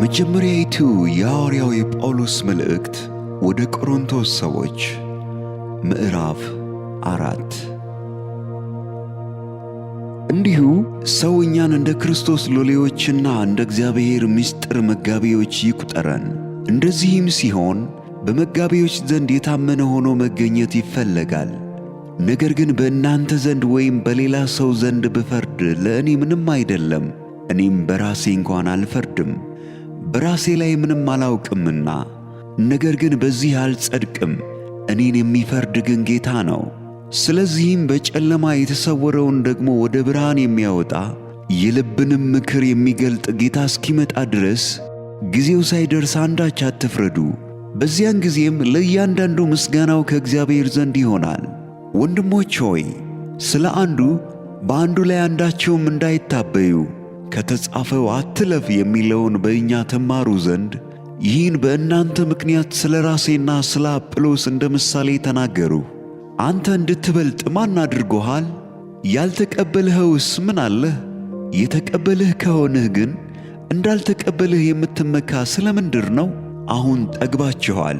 መጀመሪያይቱ የሐዋርያው የጳውሎስ መልእክት ወደ ቆሮንቶስ ሰዎች ምዕራፍ አራት እንዲሁ ሰው እኛን እንደ ክርስቶስ ሎሌዎችና እንደ እግዚአብሔር ምስጢር መጋቢዎች ይቁጠረን። እንደዚህም ሲሆን በመጋቢዎች ዘንድ የታመነ ሆኖ መገኘት ይፈለጋል። ነገር ግን በእናንተ ዘንድ ወይም በሌላ ሰው ዘንድ ብፈርድ ለእኔ ምንም አይደለም፤ እኔም በራሴ እንኳን አልፈርድም በራሴ ላይ ምንም አላውቅምና፣ ነገር ግን በዚህ አልጸድቅም፤ እኔን የሚፈርድ ግን ጌታ ነው። ስለዚህም በጨለማ የተሰወረውን ደግሞ ወደ ብርሃን የሚያወጣ የልብንም ምክር የሚገልጥ ጌታ እስኪመጣ ድረስ ጊዜው ሳይደርስ አንዳች አትፍረዱ። በዚያን ጊዜም ለእያንዳንዱ ምስጋናው ከእግዚአብሔር ዘንድ ይሆናል። ወንድሞች ሆይ ስለ አንዱ በአንዱ ላይ አንዳቸውም እንዳይታበዩ ከተጻፈው አትለፍ የሚለውን በእኛ ተማሩ ዘንድ ይህን በእናንተ ምክንያት ስለ ራሴና ስለ አጵሎስ እንደ ምሳሌ ተናገሩ። አንተ እንድትበልጥ ማን አድርጎሃል? ያልተቀበልኸውስ ምን አለህ? የተቀበልህ ከሆንህ ግን እንዳልተቀበልህ የምትመካ ስለ ምንድር ነው? አሁን ጠግባችኋል፣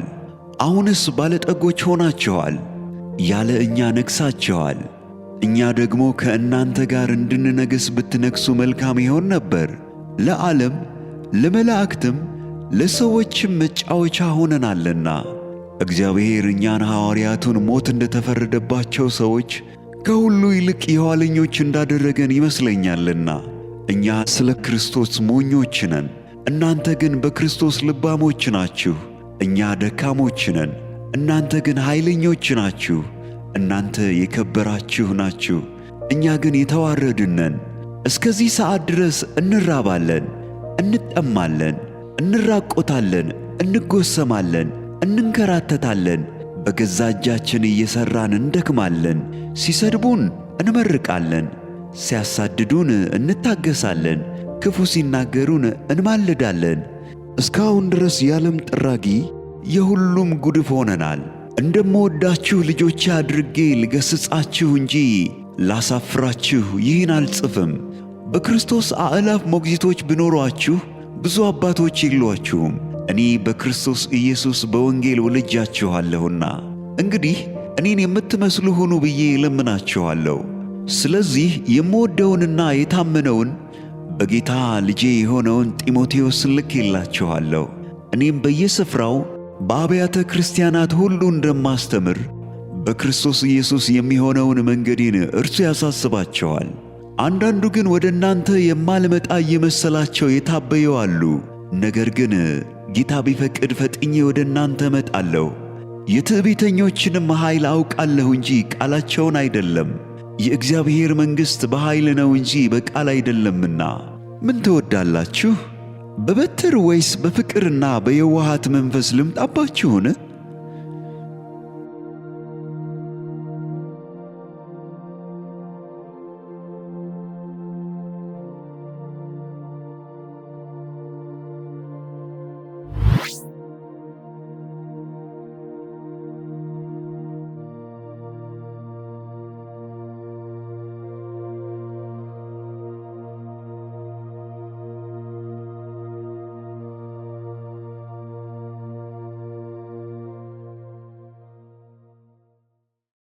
አሁንስ ባለጠጎች ሆናችኋል፣ ያለ እኛ ነግሳችኋል፣ እኛ ደግሞ ከእናንተ ጋር እንድንነግስ ብትነግሱ መልካም ይሆን ነበር፤ ለዓለም ለመላእክትም ለሰዎችም መጫወቻ ሆነናልና። እግዚአብሔር እኛን ሐዋርያቱን ሞት እንደተፈረደባቸው ሰዎች ከሁሉ ይልቅ የኋለኞች እንዳደረገን ይመስለኛልና። እኛ ስለ ክርስቶስ ሞኞች ነን፣ እናንተ ግን በክርስቶስ ልባሞች ናችሁ። እኛ ደካሞች ነን፣ እናንተ ግን ኃይለኞች ናችሁ። እናንተ የከበራችሁ ናችሁ፣ እኛ ግን የተዋረድነን። እስከዚህ ሰዓት ድረስ እንራባለን፣ እንጠማለን፣ እንራቆታለን፣ እንጎሰማለን፣ እንንከራተታለን፣ በገዛ እጃችን እየሠራን እንደክማለን። ሲሰድቡን እንመርቃለን፣ ሲያሳድዱን እንታገሳለን፣ ክፉ ሲናገሩን እንማልዳለን። እስካሁን ድረስ የዓለም ጥራጊ የሁሉም ጉድፍ ሆነናል። እንደምወዳችሁ ልጆቼ አድርጌ ልገስጻችሁ እንጂ ላሳፍራችሁ ይህን አልጽፍም። በክርስቶስ አእላፍ ሞግዚቶች ብኖሯችሁ ብዙ አባቶች የሏችሁም፣ እኔ በክርስቶስ ኢየሱስ በወንጌል ወልጃችኋለሁና። እንግዲህ እኔን የምትመስሉ ሁኑ ብዬ እለምናችኋለሁ። ስለዚህ የምወደውንና የታመነውን በጌታ ልጄ የሆነውን ጢሞቴዎስን ልኬላችኋለሁ። እኔም በየስፍራው በአብያተ ክርስቲያናት ሁሉ እንደማስተምር በክርስቶስ ኢየሱስ የሚሆነውን መንገዴን እርሱ ያሳስባቸዋል። አንዳንዱ ግን ወደ እናንተ የማልመጣ እየመሰላቸው የታበዩ አሉ። ነገር ግን ጌታ ቢፈቅድ ፈጥኜ ወደ እናንተ እመጣለሁ። የትዕቢተኞችንም ኃይል አውቃለሁ እንጂ ቃላቸውን አይደለም። የእግዚአብሔር መንግሥት በኃይል ነው እንጂ በቃል አይደለምና። ምን ትወዳላችሁ? በበትር ወይስ በፍቅርና በየዋሃት መንፈስ ልምጣባችሁን?